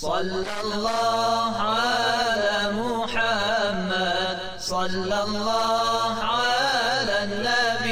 صلى الله على محمد صلى الله على النبي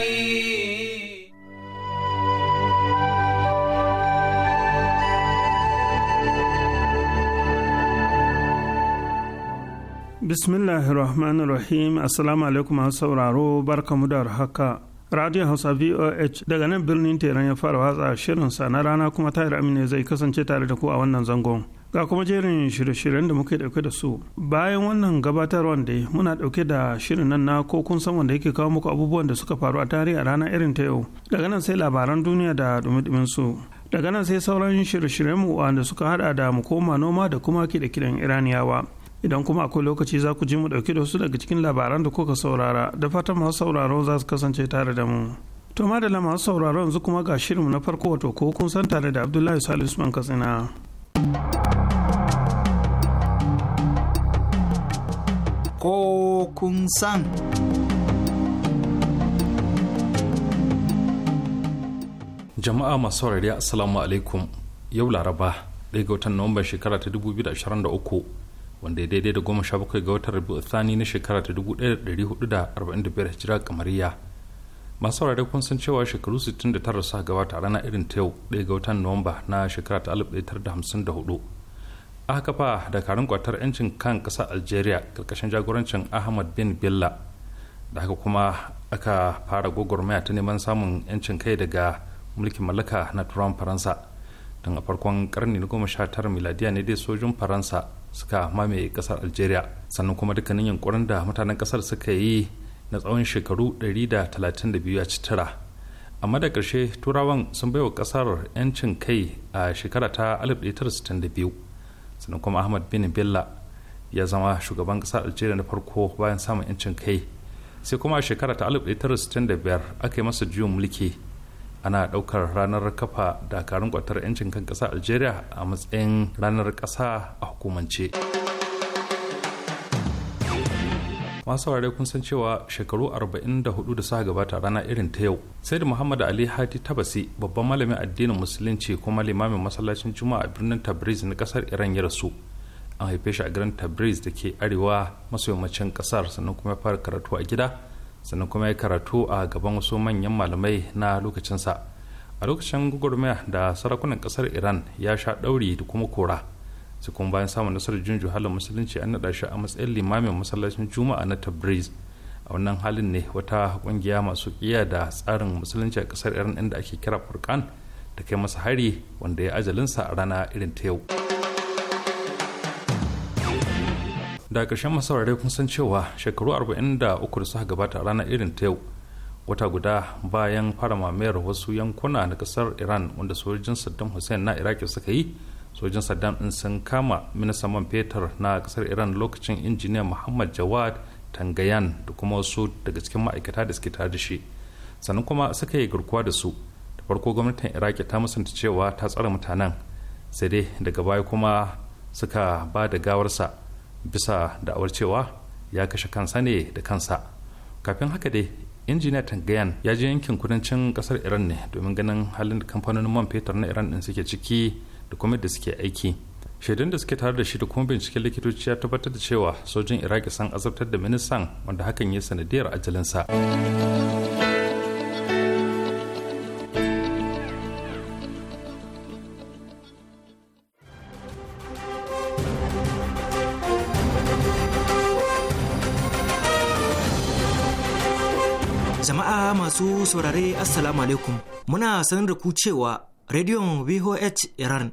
rahim assalamu alaikum sauraro barkamu da haka Radio Hausa VOH daga nan birnin Teran ya fara watsa shirinsa na rana kuma Tahir Aminu zai kasance tare da ku a wannan zangon. ga kuma jerin shirye-shiryen da muke dauke da su bayan wannan gabatarwan da muna dauke da shirin nan na ko kun san wanda yake kawo muku abubuwan da suka faru a tarihi a ranar irin ta yau daga nan sai labaran duniya da dumi su daga nan sai sauran shirye-shiryen mu wanda suka hada da mu koma noma da kuma kiɗe-kiɗen iraniyawa idan kuma akwai lokaci za ku ji mu dauke da su daga cikin labaran da kuka saurara da fatan masu sauraro za su kasance tare da mu to madalla masu sauraron yanzu kuma ga shirin na farko wato ko kun san tare da abdullahi salisu man katsina ko kun san. Jama'a masu saurari Assalamu alaikum yau Laraba ɗaya ga watan Nuwamban shekara ta 2023 wanda ya daidai da goma sha bakwai ga watan Rabi'u Thani na shekara ta 1445 hijira kamariya. Masu saurari kun san cewa shekaru 69 rasa gabata a na irin ta yau ɗaya ga watan Nuwamba na shekara ta 1954 aka kafa dakarun kwatar 'yancin kan ƙasar algeria ƙarƙashin jagorancin ahmad bin billa da haka kuma aka fara gwagwarmaya ta neman samun 'yancin kai daga mulkin mallaka na turan faransa don a farkon karni na goma sha tara miladiya ne dai sojin faransa suka mamaye ƙasar algeria sannan kuma dukkanin yankurin da mutanen kasar suka yi na tsawon shekaru 132 a citara amma da ƙarshe turawan sun baiwa ƙasar 'yancin kai a shekara ta 1962 sannan kuma ahmad bin bella ya zama shugaban ƙasar algeria na farko bayan samun 'yancin kai sai kuma a shekara ta 1965 aka yi masa juyin mulki ana ɗaukar ranar kafa dakarun kwatar 'yancin kan ƙasa algeria a matsayin ranar ƙasa a hukumance. masu saurare kun san cewa shekaru 44 da suka gabata rana irin ta yau sai da muhammad ali hati tabasi babban malamin addinin musulunci kuma limamin masallacin juma'a a birnin tabriz na kasar iran ya rasu an haife shi a garin tabriz da ke arewa maso yammacin kasar sannan kuma ya fara karatu a gida sannan kuma ya karatu a gaban wasu manyan malamai na lokacinsa a lokacin gwagwarmaya da sarakunan kasar iran ya sha ɗauri da kuma kora su kuma bayan samun nasarar jin halin musulunci an naɗa shi a matsayin limamin masallacin juma'a na tabriz a wannan halin ne wata kungiya masu kiya da tsarin musulunci a ƙasar iran inda ake kira furkan ta kai masa hari wanda ya ajalinsa a rana irin ta yau da ƙarshen masaurare kun san cewa shekaru arba'in da uku da suka gabata a rana irin ta yau wata guda bayan fara mamayar wasu yankuna na kasar iran wanda sojojin saddam hussein na iraki suka yi sojin saddam din sun kama ministan man fetur na kasar iran lokacin injiniya muhammad jawad tangayan da kuma wasu daga cikin ma'aikata da suke tare da shi sannan kuma suka yi garkuwa da su da farko gwamnatin iraki ta musanta cewa ta tsara mutanen sai dai daga baya kuma suka ba da gawarsa bisa da'awar cewa ya kashe kansa ne da kansa kafin haka dai injiniya tangayan ya je yankin kudancin kasar iran ne domin ganin halin da kamfanonin man fetur na iran din suke ciki da kuma da suke aiki shaidun da suke tare da shi da kuma binciken likitoci ya tabbatar da cewa sojin iraki sun azabtar da ministan wanda hakan ya sanadiyar ajalinsa jama'a masu saurare assalamu alaikum muna sanar da ku cewa rediyon vhh iran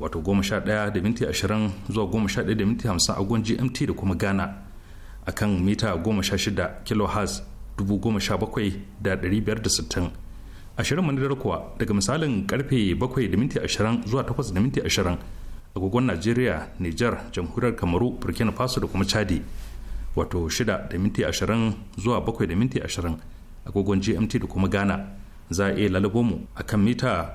wato 11 da minti ashirin zuwa 11 da minti 50 agon gmt da kuma ghana a kan mita 16 kilohertz 17,560 ashirin manadar kuwa daga misalin karfe bakwai da minti ashirin zuwa takwas da minti agogon najeriya niger jamhuriyar kamaru burkina faso da kuma chadi wato shida da minti ashirin zuwa bakwai da minti agogon gmt da kuma ghana za a iya lalabo mu a kan mita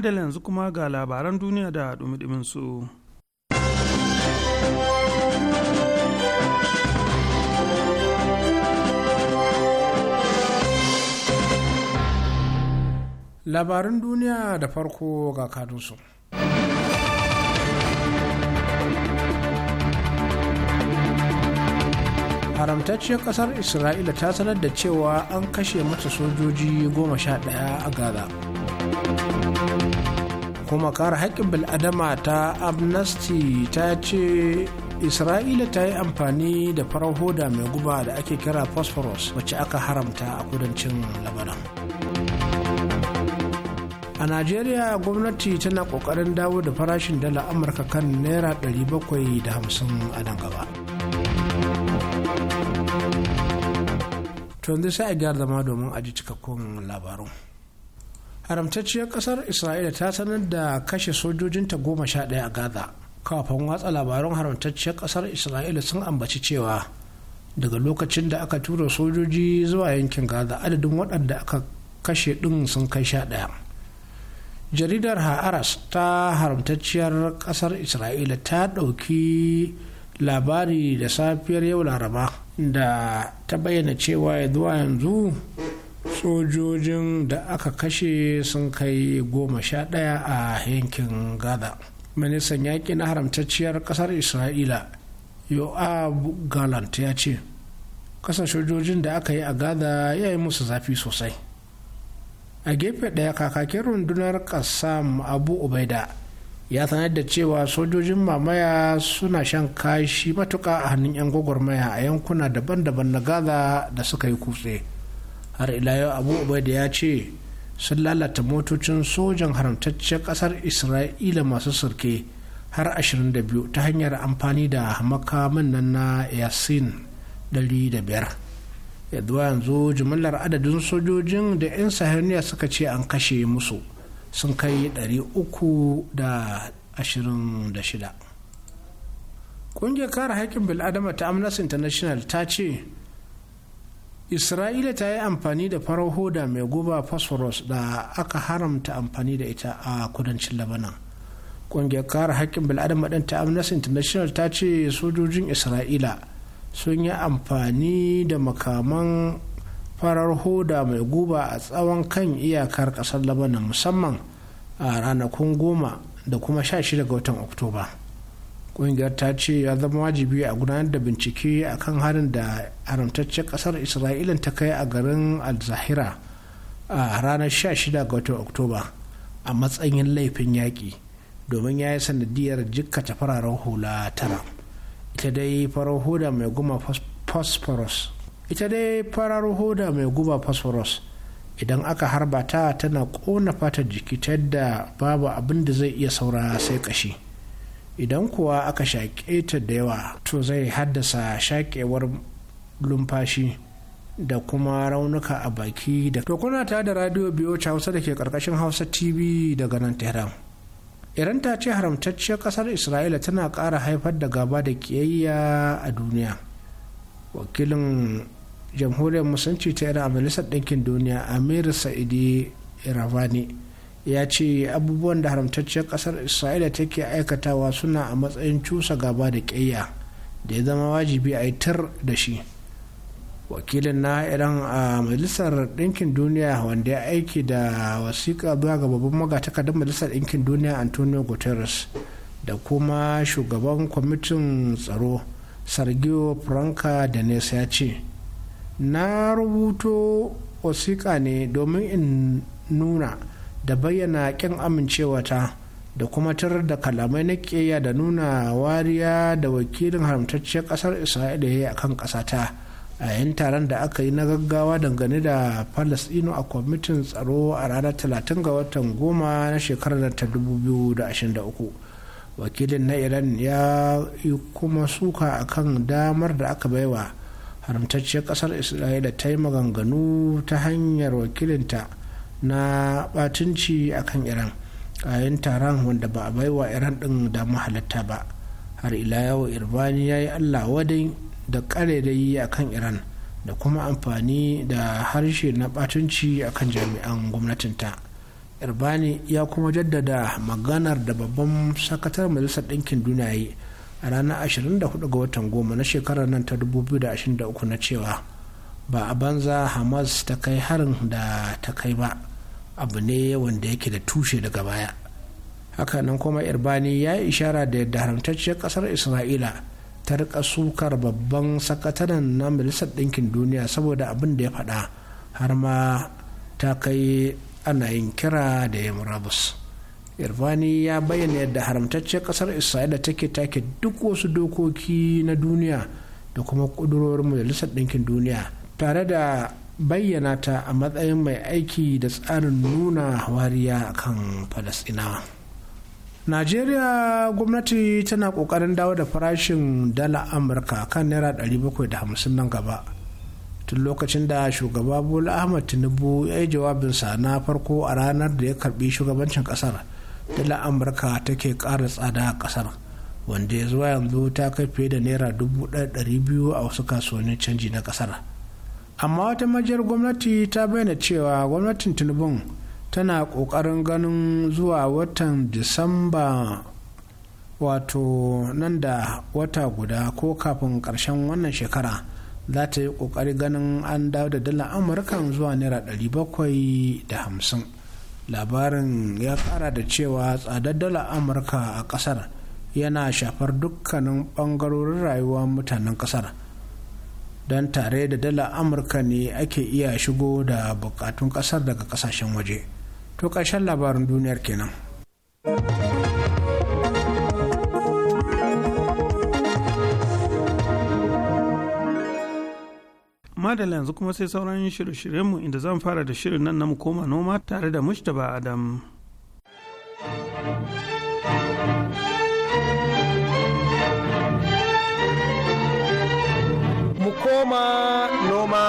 da yanzu kuma ga labaran duniya da dumi su. labarin duniya da farko ga kadunsu. haramtacciyar kasar isra'ila ta sanar da cewa an kashe mata sojoji goma sha ɗaya a gaza kuma kare haƙƙin bil'adama ta amnesty ta ce isra'ila ta yi amfani da farar hoda mai guba da ake kira phosphorus wacce aka haramta a kudancin labanan a najeriya gwamnati tana kokarin dawo da farashin dala amurka kan naira 750 a nan gaba to yanzu sai a gyara zama domin a ji cikakkun labarun haramtacciyar kasar isra'ila ta sanar da kashe sojojinta goma sha ɗaya a gaza kafin watsa labarun haramtacciyar kasar isra'ila sun ambaci cewa daga lokacin da aka tura sojoji zuwa yankin gaza adadin waɗanda aka kashe ɗin sun kai sha ɗaya jaridar ha'aras ta haramtacciyar kasar isra'ila ta ɗauki labari da safiyar yau laraba da ta bayyana cewa zuwa yanzu sojojin da aka kashe sun kai goma sha ɗaya a yankin gaza ministan yaƙi na haramtacciyar ƙasar isra'ila yoab galant ya ce kasan sojojin da aka yi a gaza ya yi musu zafi sosai a gefe ɗaya kakakin rundunar ƙasam abu ubaida ya sanar da cewa sojojin mamaya suna shan kashi matuƙa a hannun 'yan gwagwarmaya a yankuna daban-daban na gaza da suka yi kutse. har ila yau abu ubaida ya ce sun lalata motocin sojan haramtaccen kasar isra'ila masu sirke har 22 ta hanyar amfani da makamin nan na yasin 105 yaduwa yanzu jimillar adadin sojojin da 'yan sahirniya suka ce an kashe musu sun kai 326 ƙungiyar kare haƙƙin bil'adama ta amnesty international ta ce isra'ila ta yi amfani da farar hoda mai guba phosphorus da aka haramta amfani da ita a kudancin labanan ƙungiyar kare haƙƙin bil'adam ɗin ta amnesty international ta ce sojojin isra'ila sun yi amfani da makaman farar hoda mai guba a tsawon kan iyakar ƙasar labanan musamman a ranakun goma da kuma 16 ga watan oktoba kungiyar ta ce ya zama wajibi a gudanar da bincike a kan harin da haramtaccen kasar isra'ila ta kai a garin alzahira a ranar 16 ga watan oktoba a matsayin laifin yaƙi domin ya yi sanadiyar jikkata fararen hula tara ita dai farar hoda mai guma phosphorus ita dai farar hoda mai guba phosphorus idan aka harba ta tana kona fatar jiki ta yadda babu abin da zai iya saura sai kashi idan kuwa aka shaƙe ta da yawa to zai haddasa shaƙewar lumfashi da kuma raunuka a baki da to kuna ta da radio biyu hausa da ke karkashin hausa tv daga nan tehran iran ta ce haramtacciyar kasar isra'ila tana ƙara haifar da gaba da ƙiyayya a duniya wakilin jamhuriyar musulunci ta iran a majalisar ɗinkin duniya amir sa'idi iravani ya ce abubuwan da haramtacciyar kasar isra'ila take aikatawa suna a matsayin cusa gaba da ƙeya da ya zama wajibi a tar da shi wakilin na iran a majalisar ɗinkin duniya wanda ya aiki da wasiƙa zuwa ga babban magatakardar majalisar ɗinkin duniya antonio guterres da kuma shugaban kwamitin tsaro sergio franca denis ya ce na rubuto wasiƙa ne domin in nuna da bayyana ƙin amincewata da kuma tarar da kalamai na keya da nuna wariya da wakilin haramtacciyar ƙasar isra'ila ya yi a kan ƙasata a yayin taron da aka yi na gaggawa dangane da falasɗinu a kwamitin tsaro a ranar 30 ga watan goma na shekarar ta 2023 wakilin na iran ya yi kuma suka akan damar da aka baiwa haramtacciyar ƙasar isra'ila ta yi maganganu ta hanyar wakilinta na batunci akan iran a yin taron wanda ba a bai wa iran din damu halitta ba har ila yawo irbani ya yi allah wadai da yi a kan iran da kuma amfani da harshe na batunci a kan jami'an gwamnatinta irbani ya kuma jaddada maganar da babban sakatar majalisar ɗinkin duniya yi a ranar 24 ga watan goma na shekarar nan ta 2023 na cewa ba a banza hamas ta kai harin da ta kai ba abu ne wanda yake da tushe daga baya hakanan kuma irbani ya yi ishara da yadda haramtacciyar kasar isra'ila ta rika sukar babban sakataren na majalisar ɗinkin duniya saboda abin da ya faɗa har ma ta kai ana yin kira da ya murabus irvani ya bayyana yadda haramtacciyar kasar isra'ila take take duk wasu dokoki na duniya da kuma kudurorin majalisar ɗinkin duniya tare da bayyana ta a matsayin mai aiki da tsarin nuna wariya a kan falasɗinawa najeriya gwamnati tana ƙoƙarin dawo da farashin dala amurka kan naira 750 nan gaba tun lokacin da shugaba bola ahmad tinubu ya yi jawabinsa na farko a ranar da ya karbi shugabancin kasar dala amurka take ƙara tsada a kasar wanda ya zuwa yanzu ta kai fiye da naira 1200 a wasu kasuwannin canji na kasar amma wata majiyar gwamnati ta bayyana cewa gwamnatin tinubu tana kokarin ganin zuwa watan disamba wato nan da wata guda ko kafin karshen wannan shekara za ta yi ƙoƙari ganin an dawo da dala amurka zuwa naira 750 labarin ya kara da cewa tsadar dala amurka a kasar yana shafar dukkanin bangarorin rayuwa mutanen kasar. don tare da dala amurka ne ake iya shigo da bukatun kasar daga kasashen waje to ƙarshen labarin duniyar kenan madalla yanzu kuma sai sauran shirye-shiryenmu inda zan fara da shirin nan na mu koma noma tare da mustapha adam noma noma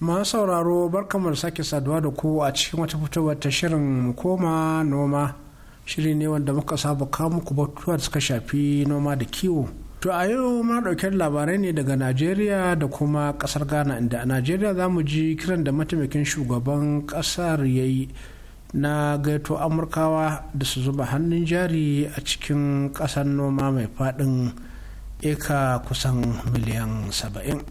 ma sauraro barkamar sake saduwa da ku a cikin wata fitowar ta shirin koma noma shiri ne wanda muka saba kawo muku batuwa da suka shafi noma da kiwo to a yau muna ɗauke labarai ne daga najeriya da kuma ƙasar ghana inda a najeriya za mu ji kiran da mataimakin shugaban ƙasar ya yi na gaito amurkawa da su zuba hannun jari a cikin ƙasar noma mai fadin eka kusan miliyan 70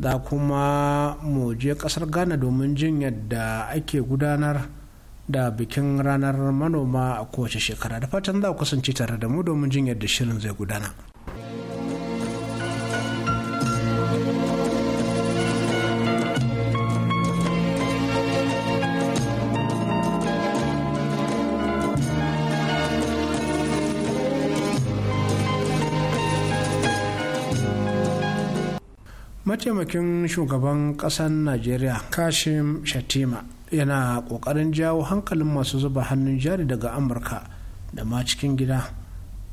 da kuma mu je ƙasar ghana domin jin yadda ake gudanar da bikin ranar manoma a kowace shekara da fatan za ku kasance tare da mu domin jin yadda shirin zai gudana. mataimakin shugaban ƙasar najeriya kashim shatima yana ƙoƙarin jawo hankalin masu zuba hannun jari daga amurka da ma cikin gida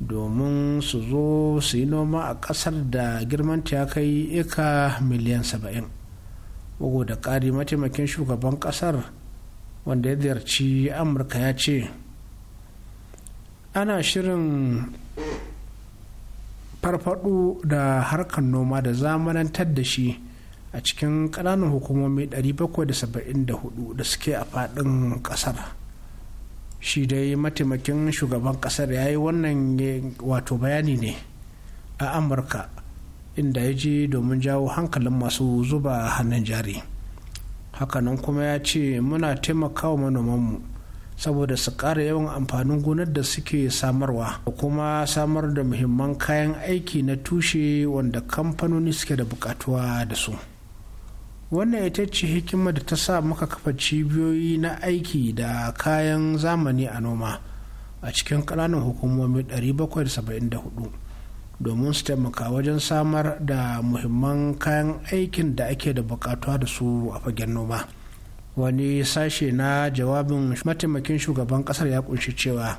domin su zo su yi noma a ƙasar da girmanta ya kai eka miliyan saba'in bugu da ƙari mataimakin shugaban ƙasar wanda ya ziyarci amurka ya ce ana shirin farfado da harkar noma da zamanantar da shi a cikin ƙananan hukumomi 774 da suke a faɗin ƙasar shi dai mataimakin shugaban ƙasar ya yi wannan wato bayani ne a amurka inda ya je domin jawo hankalin masu zuba hannun jari hakanan kuma ya ce muna taimakawa manomanmu saboda su ƙara yawan amfanin gonar da suke samarwa da kuma samar da muhimman kayan aiki na tushe wanda kamfanoni suke da bukatuwa da su wannan ita ce hikimar da ta sa muka kafa cibiyoyi na aiki da kayan zamani a noma a cikin ƙananan hukumomi 774 domin su taimaka wajen samar da muhimman kayan aikin da ake da bukatuwa da su a fagen noma. wani sashe na jawabin mataimakin shugaban kasar ya kunshi cewa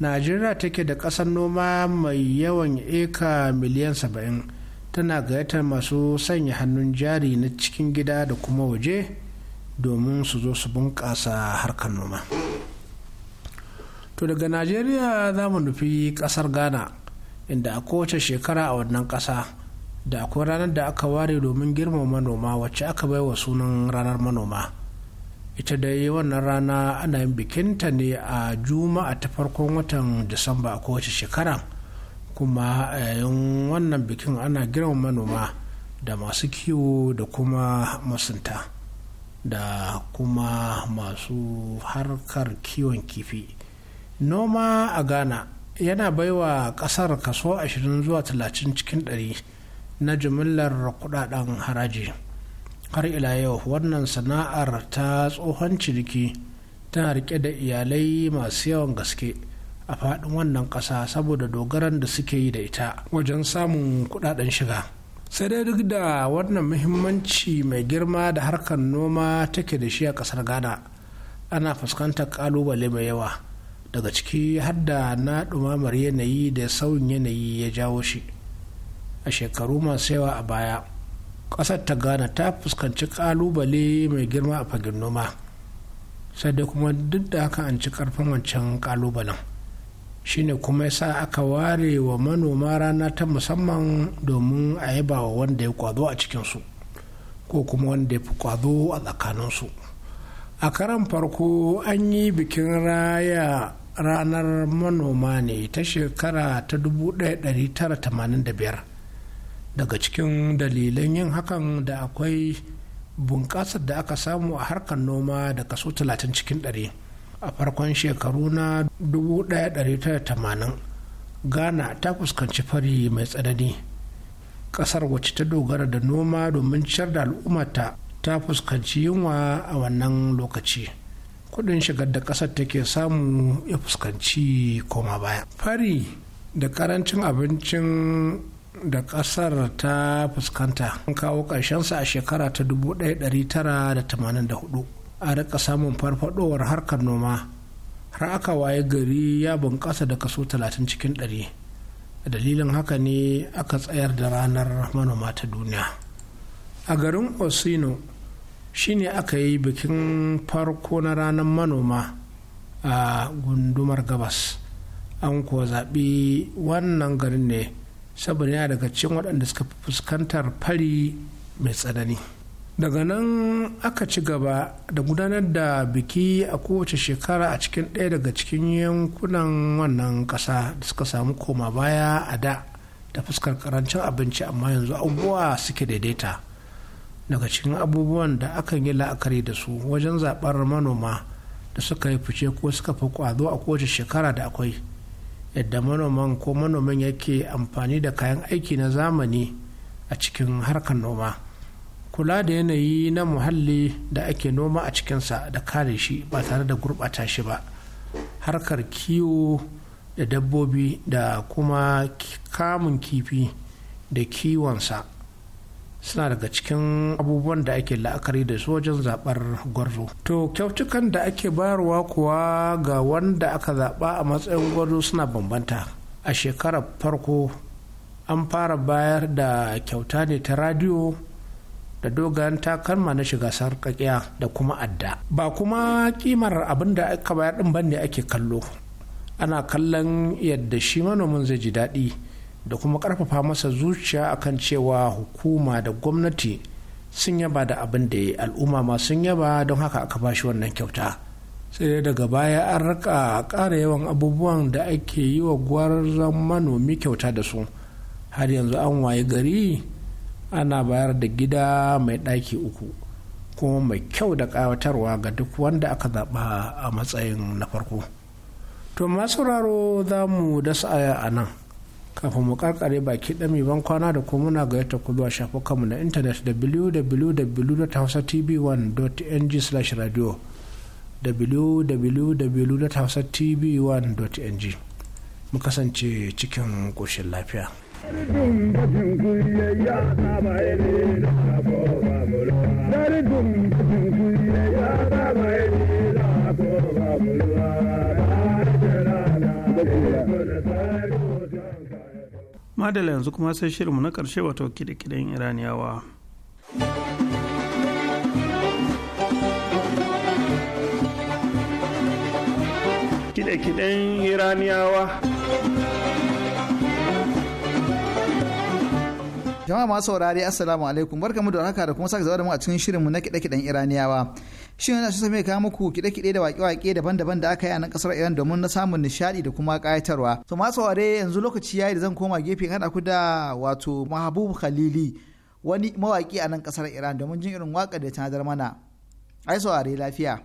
najeriya take da kasar noma mai yawan eka miliyan saba'in tana gayyatar masu sanya hannun jari na cikin gida da kuma waje domin su zo su bunƙasa harkar noma to daga najeriya za mu nufi kasar ghana inda a kowace shekara a wannan ƙasa da akwai ranar da aka ware domin girmama manoma wacce aka bai wa sunan ranar manoma ita dai wannan rana ana yin bikinta ne a juma'a ta farkon watan disamba a kowace shekara kuma a yayin wannan bikin ana girma manoma da masu kiwo da kuma masunta da kuma masu harkar kiwon kifi noma a ghana yana baiwa kasar kaso 20 zuwa 30 cikin 100 na jimillar kudaden haraji har ila yau wannan sana'ar ta tsohon ciniki tana rike da iyalai masu yawan gaske a faɗin wannan ƙasa saboda dogaran da suke yi da ita wajen samun kudaden shiga sai dai duk da wannan muhimmanci mai girma da harkar noma take da shi a ƙasar ghana ana fuskantar ƙalubale mai yawa daga ciki har da na ɗumamar yanayi da sauyin yanayi ya jawo shi a shekaru masu yawa a baya kasar ta ghana ta fuskanci kalubale mai girma a fagen noma sai dai kuma duk da haka an ci karfin wancan ƙalubalen shine kuma ya sa aka ware wa manoma rana ta musamman domin a yaba wa wanda ya kwazo a cikinsu ko kuma wanda ya fi kwazo a tsakaninsu a karan farko an yi bikin raya ranar manoma ne ta shekara ta 1985 daga cikin dalilan yin hakan da akwai bunƙasar da aka samu a harkar noma da kaso 30 cikin 100 a farkon shekaru na 1980 ghana ta fuskanci fari mai tsanani ƙasar wacce ta dogara da noma domin ciyar da al'ummata ta fuskanci yunwa a wannan lokaci kudin shigar da ƙasar take samu ya fuskanci koma baya fari da karancin abincin da ƙasar ta fuskanta an kawo ƙarshensa a shekara ta 1984 a rika samun farfadowar harkar noma har aka waye gari ya bunƙasa da kaso 30 cikin 100 dalilin haka ne aka tsayar da ranar manoma ta duniya a garin osino shine aka yi bikin farko na ranar manoma a gundumar gabas an kuwa zaɓi wannan garin ne saboda yana daga cikin waɗanda suka fuskantar fari mai tsanani daga nan aka ci gaba da gudanar da biki a kowace shekara a cikin ɗaya daga cikin yankunan wannan ƙasa da suka samu koma baya a da da fuskar karancin abinci amma yanzu abubuwa suke daidaita daga cikin abubuwan da akan yi la'akari da su wajen zaɓar manoma da suka yi fice ko suka fi kwazo a kowace shekara da akwai yadda manoman ko manomin yake amfani da kayan aiki na zamani a cikin harkar noma kula da yanayi na muhalli da ake noma a cikinsa da kare shi ba tare da gurɓata shi ba harkar kiwo da dabbobi da kuma kamun kifi da kiwonsa suna daga cikin abubuwan da ake la'akari da su wajen zaɓar gwarzo to kyautukan da ake bayarwa kuwa ga wanda aka zaɓa a matsayin gwarzo suna bambanta a shekarar farko an fara bayar da kyauta ne ta radiyo da dogayen takalma na shiga sarƙaƙiya da kuma adda ba kuma kimar abin da aka bayar ɗin ne ake kallo ana kallon yadda shi manomin zai ji daɗi da kuma karfafa masa zuciya akan cewa hukuma da gwamnati sun yaba da abin da ya al'umma ma sun yaba don haka aka bashi wannan kyauta sai dai daga baya an rika ƙara yawan abubuwan da ake yi wa gwarzon manomi kyauta da su har yanzu an waye gari ana bayar da gida mai ɗaki uku kuma mai kyau da ƙawatarwa ga duk wanda aka zaɓa a matsayin na farko to masu raro za mu dasa a nan kafin mu karkare baki dami ban kwana da kuma muna ga yata kulu a shafukanmu na intanet www.hausatv1.ng/radio www.hausatv1.ng mu kasance cikin koshin lafiya. Dari dum dum kuye ya madala yanzu kuma sai shirinmu na ƙarshe wato kide-kiden iraniyawa kide iraniyawa jama'a masu saurari assalamu alaikum mu da haka da kuma sake zama da mu a cikin shirinmu na kiɗe-kiɗen iraniyawa shin yana shi mai kawo muku kiɗe-kiɗe da waƙe-waƙe daban-daban da aka yi a nan ƙasar iran domin na samun nishaɗi da kuma ƙayatarwa to masu saurare yanzu lokaci yayi da zan koma gefe haɗa ku da wato mahabubu khalili wani mawaki a nan ƙasar iran domin jin irin waƙar da ta mana ai saurare lafiya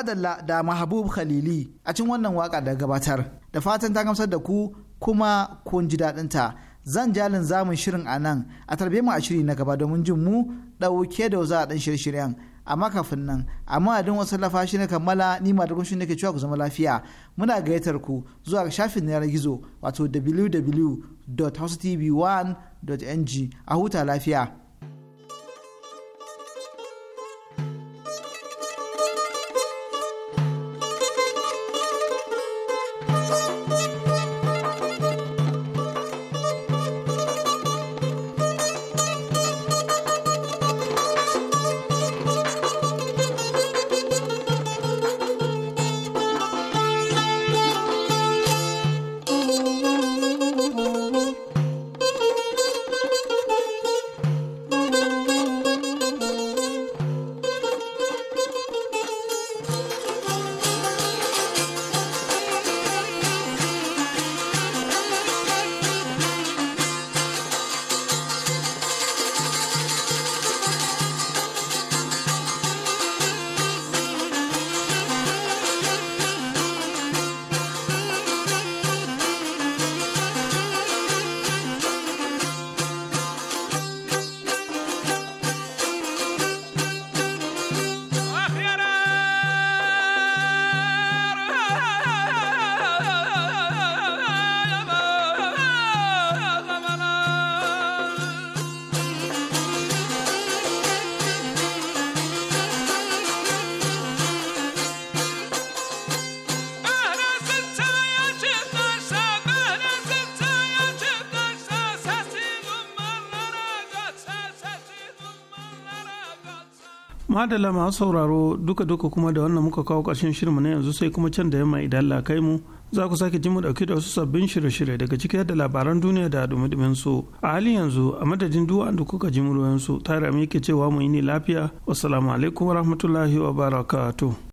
madalla da mahabub khalili a cin wannan waka da gabatar da fatan ta gamsar da ku kuma kun ji daɗinta zan jalin zamun shirin a nan a tarbe mu a shiri na gaba domin jin mu ɗauke da za a ɗan shirye-shiryen amma kafin nan amma a wasu lafa shi kammala ni ma da kunshin ke cewa ku zama lafiya muna gayyatar ku zuwa ga shafin yanar gizo wato www.housetv1.ng a huta lafiya madalla masu sauraro duka-duka kuma da wannan muka kawo ƙarshen shirinmu na yanzu sai kuma can da yamma idan Allah kai mu za ku sake jin mu dauke da wasu sabbin shirye-shirye daga ciki da labaran duniya da dumi su a halin yanzu a madadin duwa da kuka ji ruwan su tare yake cewa mu yi ne lafiya wassalamu alaikum warahmatullahi wabarakatuh